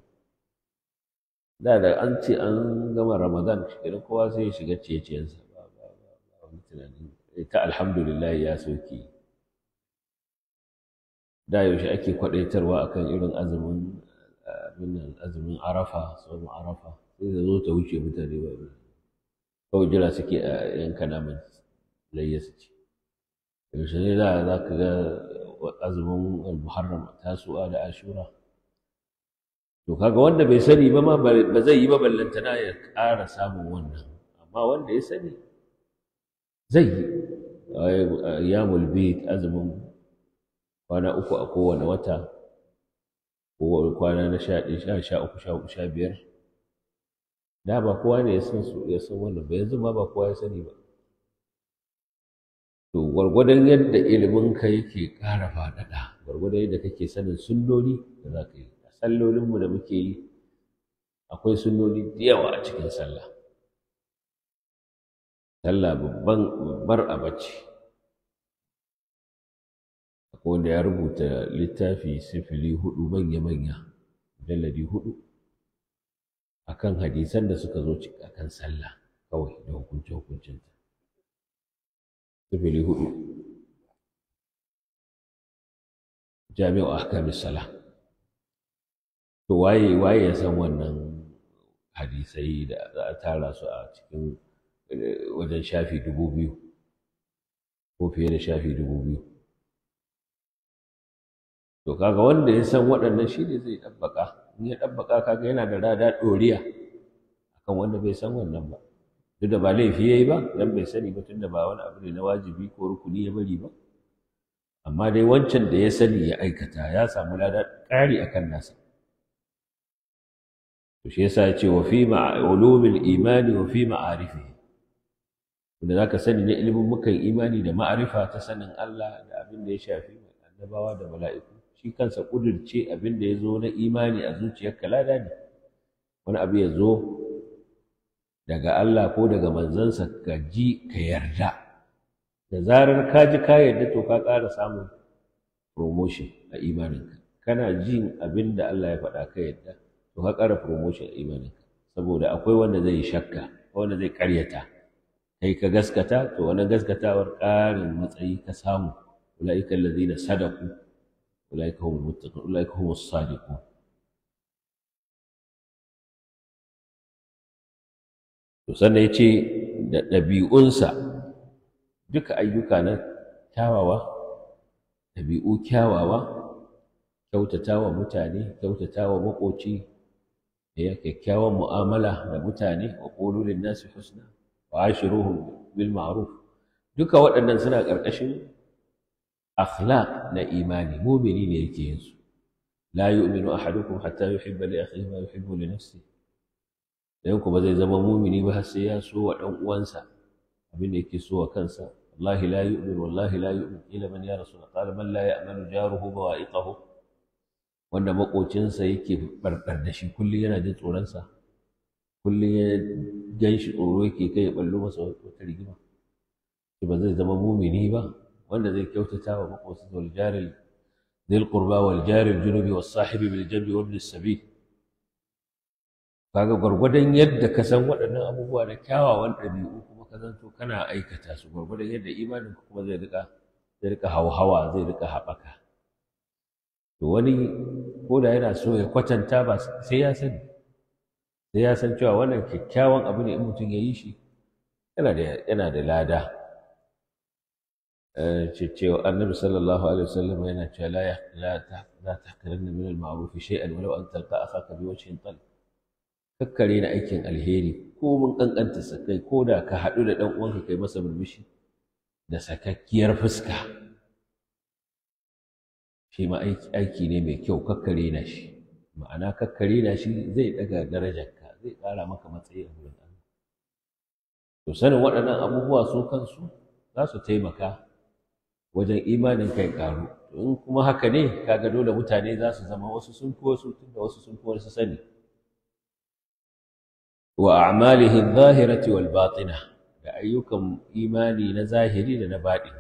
da da an ce an gama ramadan shi kowa sai ya shiga ciye-ciyensa ba ba ba wani tunanin ta alhamdulillah ya soke da yaushe ake kwadaitarwa akan irin azumin abin azumin arafa sauran arafa sai da zo ta wuce mutane ba kawai jira suke a yanka naman layya su ce yaushe ne da za ka ga azumin muharram tasu'a da ashura to kaga wanda bai sani ba ma ba zai yi ba ballantana ya ƙara samun wannan amma wanda ya sani zai yi ya mulbi azumin kwana uku a kowane wata ko kwana na sha ɗaya sha uku sha uku sha biyar da ba kowa ne ya san su ya san wannan ba yanzu ma ba kowa ya sani ba to gwargwadon yadda ilimin ka yake ƙara faɗaɗa gwargwadon yadda kake sanin sunnoni da za ka yi a sallolinmu da muke yi akwai
sunnoni da yawa a cikin sallah sallah babban babbar abace akwai wanda ya rubuta
littafi sifili hudu manya-manya jalladi hudu
akan hadisan da suka zo akan sallah kawai da hukunce-hukuncinta sifili hudu jami'u ahkamis salah to waye waye ya san wannan
hadisai da za a tara su a cikin wajen shafi dubu biyu
ko fiye da shafi dubu biyu to
kaga wanda ya san waɗannan shi ne zai ɗabbaƙa in ya ɗabbaka kaga yana da rada ɗoriya akan wanda bai san wannan ba duk da ba laifi ya yi ba dan bai sani ba tunda ba wani abu ne na wajibi ko rukuni ya bari ba amma dai wancan da ya sani ya aikata ya samu rada ƙari akan nasa to shi yasa ya ce wa fi imani wa fi ma'arifi. za ka sani na ilimin mukan imani da ma'arifa ta sanin Allah da abin da ya shafi annabawa da mala'iku shi kansa kudirce abin da ya zo na imani a zuciyarka lada ne wani abu ya zo daga Allah ko daga manzansa ka ji ka yarda da zarar ka ji ka yarda to ka ƙara samun promotion a imaninka kana jin abin da Allah ya faɗa ka yarda to ka ƙara promotion a imaninka saboda akwai wanda zai shakka wanda zai ƙaryata kai ka gaskata to wani gaskatawar ƙarin matsayi ka samu ulaika alladhina sadaku
ulaika wasu sadiku to sannan yace da ɗabi'unsa duka ayyuka na kyawawa ɗabi'u kyawawa
kyautatawa mutane kyautatawa maƙoci da ya kyakkyawan mu'amala da mutane wa qulu nasu husna wa ashiruhum bil ma'ruf duka waɗannan suna ƙarƙashin akhlaq na imani mumini ne yake yin su la yu'minu ahadukum hatta yuhibba li akhihi ma yuhibbu li nafsihi dan ku ba zai zama mumini ba har sai ya so wa dan uwansa abin da so wa kansa wallahi la yu'min wallahi la yu'min ila man ya rasul qala man la ya'manu jaruhu bawa'iqahu wanda makocinsa yake barbar da shi kullu yana jin tsoronsa. kullum ya gan shi tsoro yake kai ya ballo masa wata rigima shi ba zai zama mumini ba wanda zai kyautata wa maƙosa wal jaril zil qurba wal jaril junubi was sahibi bil jambi wa kaga yadda ka san waɗannan abubuwa da kyawawan ɗabi'u kuma ka zanto kana aikata su gwargwadon yadda imanin kuma zai rika zai rika hauhawa zai rika haɓaka to wani ko da yana so ya kwatanta ba sai ya sani da ya san cewa wannan kyakkyawan abu ne in mutum ya yi shi yana da lada eh, ce cewa annabi sallallahu alaihi wasallam yana cewa la ya la tahqiranna min al-ma'ruf shay'an walau an talqa akhaka bi wajhin kakkare na aikin alheri ko mun kankanta sakai ko da ka haɗu da ɗan uwanka kai masa murmushi da sakakkiyar fuska shi ma aiki ne mai kyau kakkare na shi ma'ana kakkare na shi zai ɗaga darajarka zai ƙara maka matsayi a wurin Allah to sanin waɗannan abubuwa su kansu za su taimaka wajen imanin kai ƙaru in kuma haka ne ka ga dole mutane za su zama wasu sun fi wasu tunda wasu sun fi wasu sani wa a'malihim zahirati wal batina da ayyukan imani na zahiri da na baɗi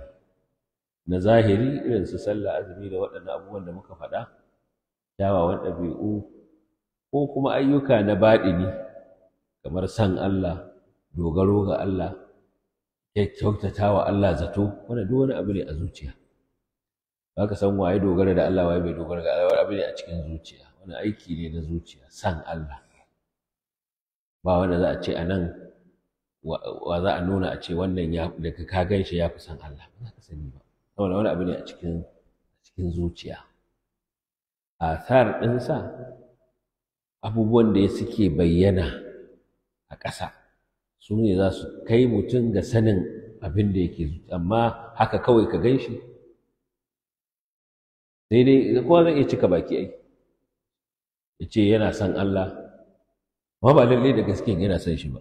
na zahiri irin su sallah azumi da waɗannan abubuwan da muka faɗa kyawawan ɗabi'u ko kuma ayyuka na baɗini kamar san Allah dogaro ga Allah kyautata wa Allah zato wanda duk wani abu ne a zuciya ba ka san waye dogara da Allah waye bai dogara ga Allah wani abu ne a cikin zuciya wani aiki ne na zuciya san Allah ba wanda za a ce a nan wa za a nuna a ce wannan ya daga ka gan shi ya fi san Allah ba za ka sani ba saboda wani abu ne a cikin cikin zuciya athar ɗinsa abubuwan da suke bayyana a ƙasa su ne za su kai mutum ga sanin abin da yake zuci amma haka kawai ka gan shi sai da kowa zan iya cika baki ai ya ce yana son Allah amma ba lallai da gaske yana son shi ba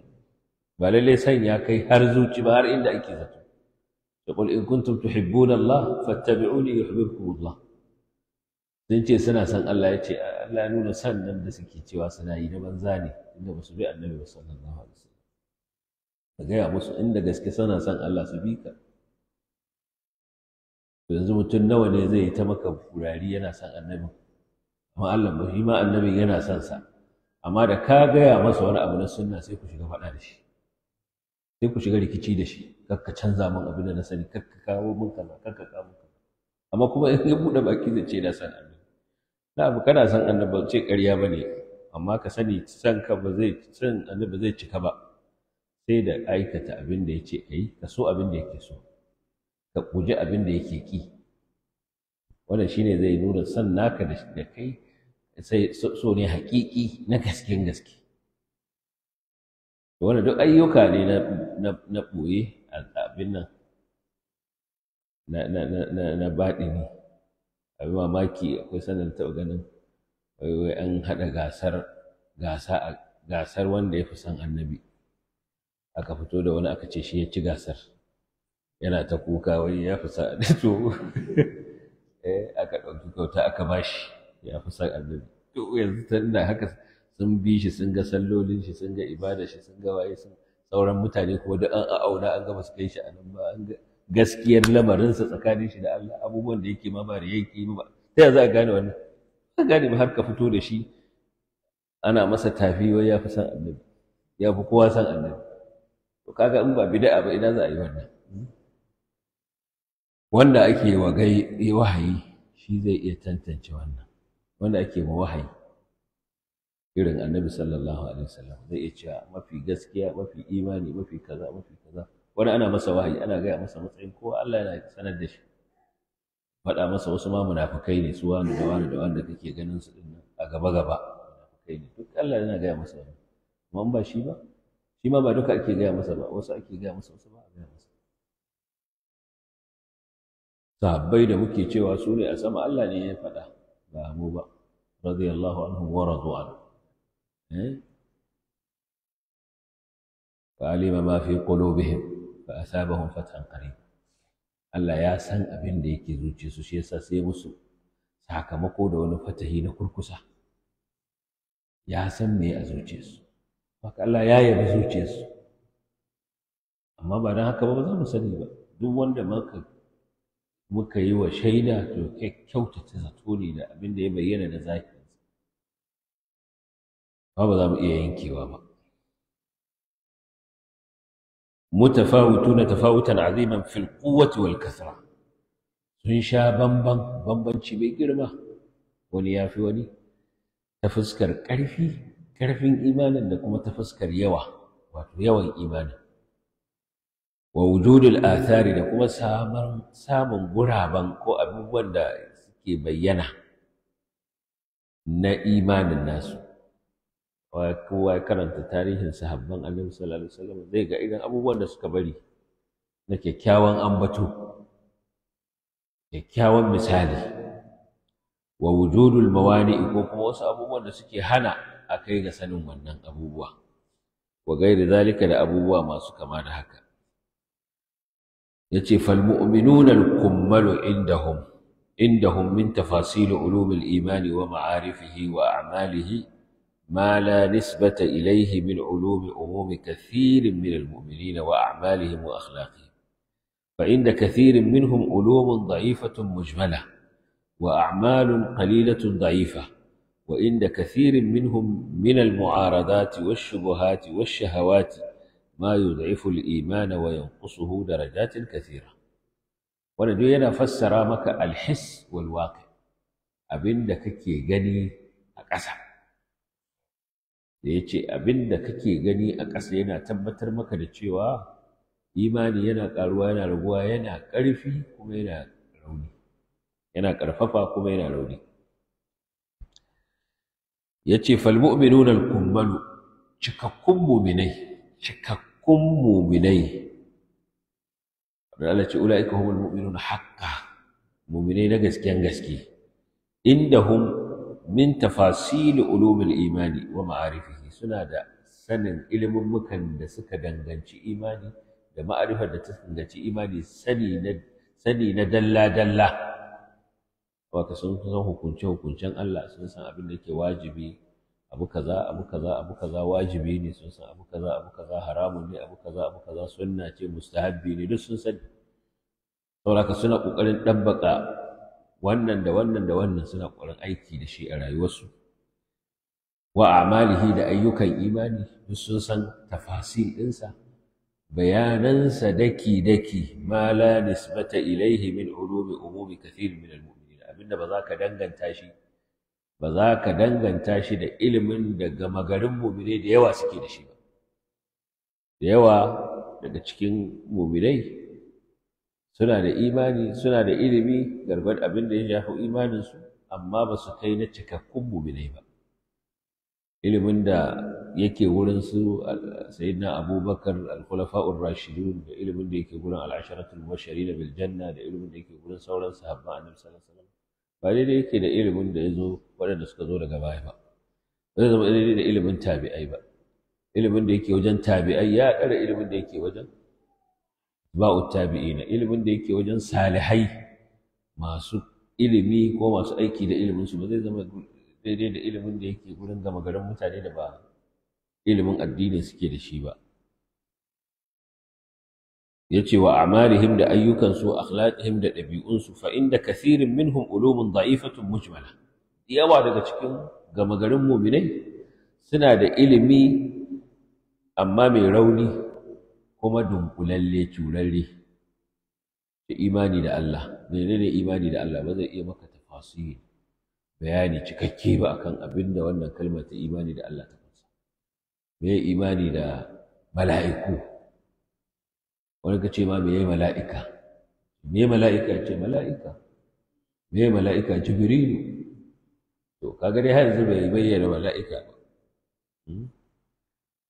ba lallai son ya kai har zuci ba har inda ake zato يقول in kuntum تحبون الله فاتبعوني يحببكم Allah. sun ce suna son Allah ya ce Allah ya nuna san nan da suke cewa suna yi na banza ne inda ba su bi annabi ba sallallahu alaihi wasallam ka gaya musu inda gaske suna son Allah su bi ka yanzu mutum nawa ne zai yi ta maka furari yana son annabin amma Allah ba shi ma annabin yana son sa amma da ka gaya masa wani abu na sunna sai ku shiga faɗa da shi sai ku shiga rikici da shi kakka canza min abin da na sani kakka kawo min kaza kakka kawo min kaza amma kuma in ya buɗe baki zai ce na san annabi na abu kana san annabi ce ƙarya ba ne amma ka sani san ka ba zai san annabi zai cika ba sai da aikata abin da ya ce a yi ka so abin da yake so ka guji abin da yake ƙi wannan shine zai nuna san naka da kai sai so ne haƙiƙi na gaske gaske Wannan duk ayyuka ne na ɓoye a abin nan na baɗini abin mamaki akwai sanin taɓa ganin wai an haɗa gasar gasa a gasar wanda ya fi san annabi aka fito da wani aka ce shi ya ci gasar yana ta kuka wani ya fi san [LAUGHS] to [LAUGHS] eh aka ɗauki kyauta aka bashi ya fi san annabi to yanzu tana haka sun bi shi sun ga sallolin shi sun ga ibada shi sun ga waye sun sauran mutane kuma duk an auna an ga ba su kai shi a nan ba an ga gaskiyar lamarinsa tsakanin shi da Allah abubuwan da yake ma ba da yake ba Sai za a gane wannan a gane ba har ka fito da shi ana masa tafi wai ya fi san annabi ya fi kowa san annabi to kaga in ba bid'a ba ina za a yi wannan wanda ake wa gai wahayi shi zai iya tantance wannan wanda ake wa wahayi irin annabi sallallahu alaihi wasallam zai iya cewa mafi gaskiya mafi imani mafi kaza mafi kaza wani ana masa wahayi ana gaya masa matsayin kowa Allah yana sanar da shi faɗa masa wasu ma munafukai ne su wani da wani da da kake ganin su din a gaba gaba munafukai ne duk Allah yana gaya masa wani amma ba shi ba shi ma ba duka ake gaya masa ba wasu ake gaya masa wasu ba a gaya masa
sahabbai da muke cewa su ne a sama Allah ne ya faɗa ba mu ba radiyallahu anhu wa radu an
فعلم ما في قلوبهم
fa asabahum fatan
Allah ya san abin da yake zuciya su shi yasa sai musu sakamako da wani fatahi na kurkusa ya san me a zuciyarsu haka Allah ya yabi zuciyarsu amma ba don haka ba za mu sani ba duk wanda muka muka yi wa shaida to kyautata zato ne
da abin da ya bayyana da zaki ba ba za mu iya yankewa ba mutafawituna tafawutan aziman fil quwwati kasra
sun sha bamban bambanci mai girma wani ya fi wani ta fuskar ƙarfi ƙarfin imanin da kuma ta fuskar yawa wato yawan imanin wa wujudul athari da kuma samun guraben ko abubuwan da suke bayyana na imanin nasu kowa ya karanta tarihin sahabban annabi sallallahu alaihi wasallam zai ga irin abubuwan da suka bari na kyakkyawan ambato kyakkyawan misali wa wujudul mawani ko kuma wasu abubuwan da suke hana a kai ga sanin wannan abubuwa wa gairi zalika da abubuwa masu kama da haka yace fal mu'minuna al kummalu indahum indahum min tafasil imani wa ma'arifihi wa a'malihi ما لا نسبة إليه من علوم أموم كثير من المؤمنين وأعمالهم وأخلاقهم فإن كثير منهم علوم ضعيفة مجملة وأعمال قليلة ضعيفة وإن كثير منهم من المعارضات والشبهات والشهوات ما يضعف الإيمان وينقصه درجات كثيرة ونجينا فسر مك الحس والواقع أبن كي جني أكسب da ya ce abin da kake gani a ƙasa yana tabbatar maka da cewa imani yana ƙaruwa yana raguwa yana ƙarfi kuma yana rauni yana ƙarfafa kuma yana rauni ya ce falmu'minuna al-kummalu cikakkun muminai cikakkun muminai da Allah ce ula'ika humul mu'minuna haqqa muminai na gaskiyan gaske indahum min tafasili ulumul imani wa ma'arifihi suna da sanin ilmummukan da suka danganci imani da ma'arifar da ta danganci imani sani na sani na dalla dalla wato sun san hukunce hukuncen Allah sun san abin da yake wajibi abu kaza abu kaza abu kaza wajibi ne sun san abu kaza abu kaza haramun ne abu kaza abu kaza sunna ce mustahabbi ne duk sun sani saboda suna kokarin dabbaka wannan da wannan da wannan suna kwarin aiki da shi a rayuwarsu wa amalihi da ayyukan imani duk sun san tafasil ɗinsa bayanansa daki-daki ma la nisbata ilaihi min ulumi umumi kathir min almu'minin abinda ba za ka danganta shi ba za ka danganta shi da ilimin da gama garin mu'minai da yawa suke da shi ba da yawa daga cikin mu'minai suna da imani suna da ilimi garbar abin da ya shafi imaninsu amma ba su kai na cikakkun muminai ba ilimin da yake wurin su sayyidina abubakar al-khulafa'ur rashidun da ilimin da yake gurin al-asharatul mubashirin bil janna da ilimin da yake wurin sauran sahabban annabi sallallahu alaihi wasallam ba daidai yake da ilimin da ya zo waɗanda suka zo daga baya ba ba zai zama daidai da ilimin tabi'ai ba ilimin da yake wajen tabi'ai ya ɗara ilimin da yake wajen ba'u tabi'ina ilimin da yake wajen salihai masu ilimi ko masu aiki da ilimin su ba zai zama daidai da ilimin da yake gurin gama garin mutane da ba ilimin addini suke da shi ba ce wa a'malihim da ayyukan su akhlaqihim da dabi'un su fa inda kathirin minhum ulumun da'ifatun mujmala yawa daga cikin gama garin mu'minai suna da ilimi amma mai rauni kuma dunkulalle curarre da imani da Allah menene imani da Allah ba zai iya maka tafasiri bayani cikakke ba akan abin da wannan kalma ta imani da Allah ta fasa me imani da mala'iku wani ka ce ma me mala'ika me mala'ika ce mala'ika me mala'ika jibrilu to kaga dai har yanzu bai bayyana mala'ika ba hmm?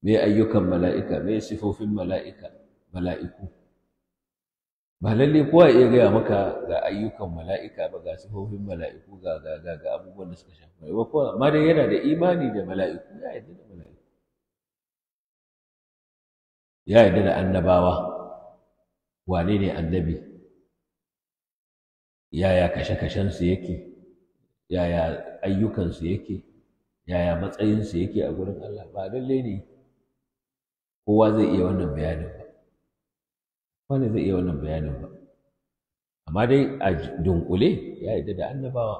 me ayyukan mala'ika me sifofin mala'ika mala'iku
ba lalle kowa iya gaya maka
ga ayyukan mala'ika ba ga sifofin mala'iku ga ga ga ga abubuwan da suka shafi ba kowa ma dai yana da imani da mala'iku ya yarda da mala'iku
ya yarda da annabawa wane ne annabi yaya kashe-kashensu yake
yaya ayyukansu yake yaya matsayinsu yake a gurin Allah ba lalle ne kowa zai iya wannan bayanin ba kowa ne zai iya wannan bayanin ba amma dai a dunkule ya yi da annabawa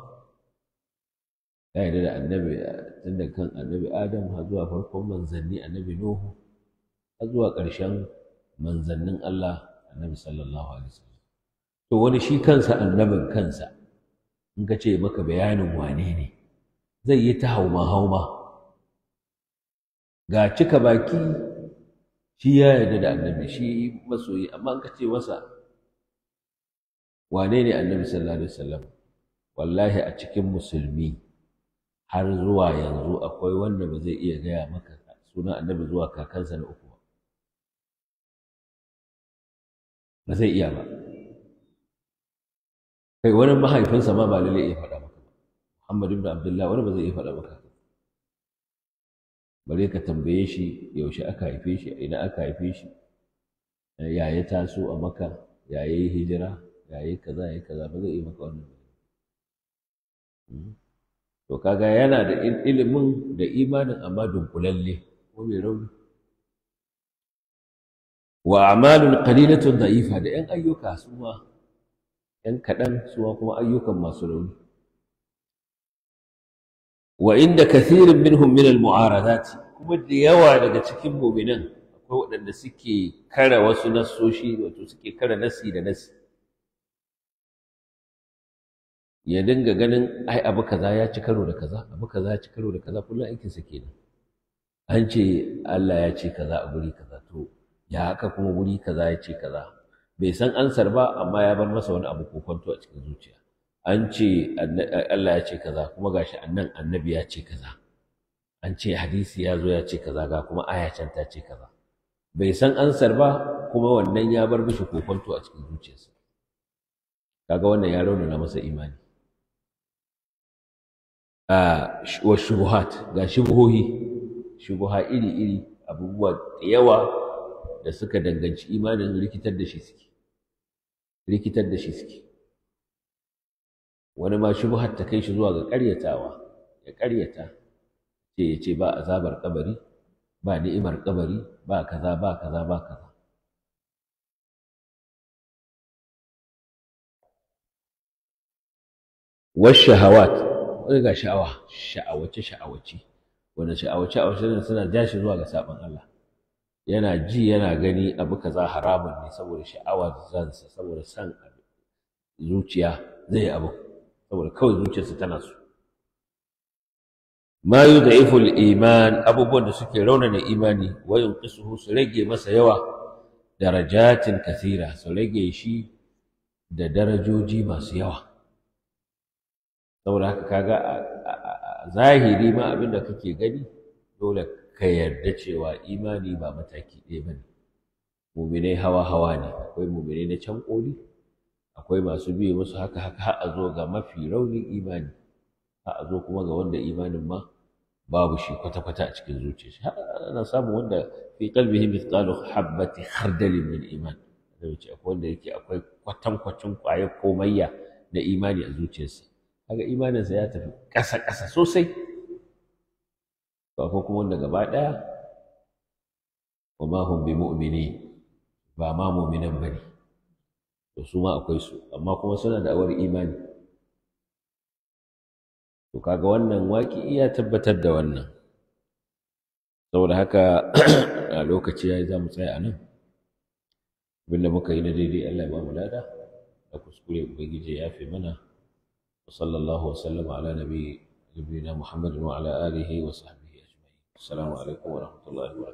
ya yi da annabi tun da kan annabi adam har zuwa farkon manzanni annabi nuhu har zuwa ƙarshen manzannin Allah annabi sallallahu alaihi wasallam to wani shi kansa annabin kansa in ka ce maka bayanin wane ne zai yi ta hauma hauma ga cika baki shi ya yarda da annabi shi masoyi amma an kace masa wane ne annabi sallallahu alaihi wasallam wallahi a cikin musulmi har zuwa yanzu akwai wanda ba zai iya gaya maka sunan annabi
zuwa kakansa na uku ba ba zai iya ba kai wani mahaifinsa ma ba lalle iya faɗa maka ba
Muhammad ibn Abdullah wani ba zai iya faɗa maka bare ka tambaye shi yaushe aka haife shi ina aka haife shi ya ya taso a maka ya yi hijira ya yi kaza ya yi kaza ba zai yi maka wannan hmm? to kaga yana da ilimin da imanin amma dunkulalle ko mai rauni wa a'malun qalilatun da'ifa da yan ayyuka su ma yan kaɗan su ma kuma ayyukan masu rauni wa inda kathirin minhum min al kuma da yawa daga cikin mu'minan akwai waɗanda suke kara wasu nasoshi wato suke kara nasi da nasi ya dinga ganin ai abu kaza ya ci karo da kaza abu kaza ya ci karo da kaza kullum aikin sa kenan an ce Allah ya ce kaza a guri kaza to ya haka kuma guri kaza ya ce kaza bai san ansar ba amma ya bar masa wani abu ko kwanto a cikin zuciya an ce Allah ya ce kaza kuma gashi annan annabi ya ce kaza an ce hadisi ya zo ya ce kaza ga kuma aya can ta ce kaza bai san ansar ba kuma wannan ya bar mishi kokonto a cikin zuciyarsa kaga wannan ya na masa imani a wa shubuhat ga shubuhohi shubuha iri iri abubuwa da yawa da suka danganci imanin rikitar da shi suke rikitar da shi suke wani ma shi ta kai shi zuwa ga ƙaryatawa ya ƙaryata ce ya ce ba azabar kabari ba ni'imar
kabari ba kaza ba kaza ba kaza washahawat wani ga sha'awa sha'awace sha'awace wanda sha'awace wasu suna shi zuwa ga sabon
Allah yana ji yana gani abu kaza haramun ne saboda sha'awa zansa saboda san zuciya zai abu saboda kawai zuciyarsa tana so ma da iful iman abubuwan da suke raunana imani wayan kisuhu su rage masa yawa darajatin kasira, su rage shi da darajoji masu yawa saboda haka kaga zahiri ma abin da kake gani dole ka yarda cewa imani ba mataki ɗaya ba ne. mu'minai hawa hawa ne akwai mu'minai na can koli akwai masu bi musu haka haka har a zo ga mafi raunin imani har a zo kuma ga wanda imanin ma babu shi kwata-kwata a cikin zuciyarsa har ana samun wanda fi qalbihi mithqalu habbati khardal min iman da ce akwai wanda yake akwai kwatan kwatankwacin kwaye komayya na imani a zuciyarsa kaga sa ya tafi ƙasa-ƙasa sosai ba ko kuma wanda gaba ɗaya wa ma hum bi mu'mini ba ma mu'minan bane to su ma akwai su amma kuma suna da awar imani to kaga wannan waki iya tabbatar da wannan saboda haka a lokaci yayi za mu tsaya a nan abinda muka yi na daidai Allah ya ba mu lada da kuskure ubangiji ya fi mana wa sallallahu wa sallama ala nabi nabiyina muhammadin wa ala alihi wa sahbihi assalamu alaikum wa rahmatullahi wa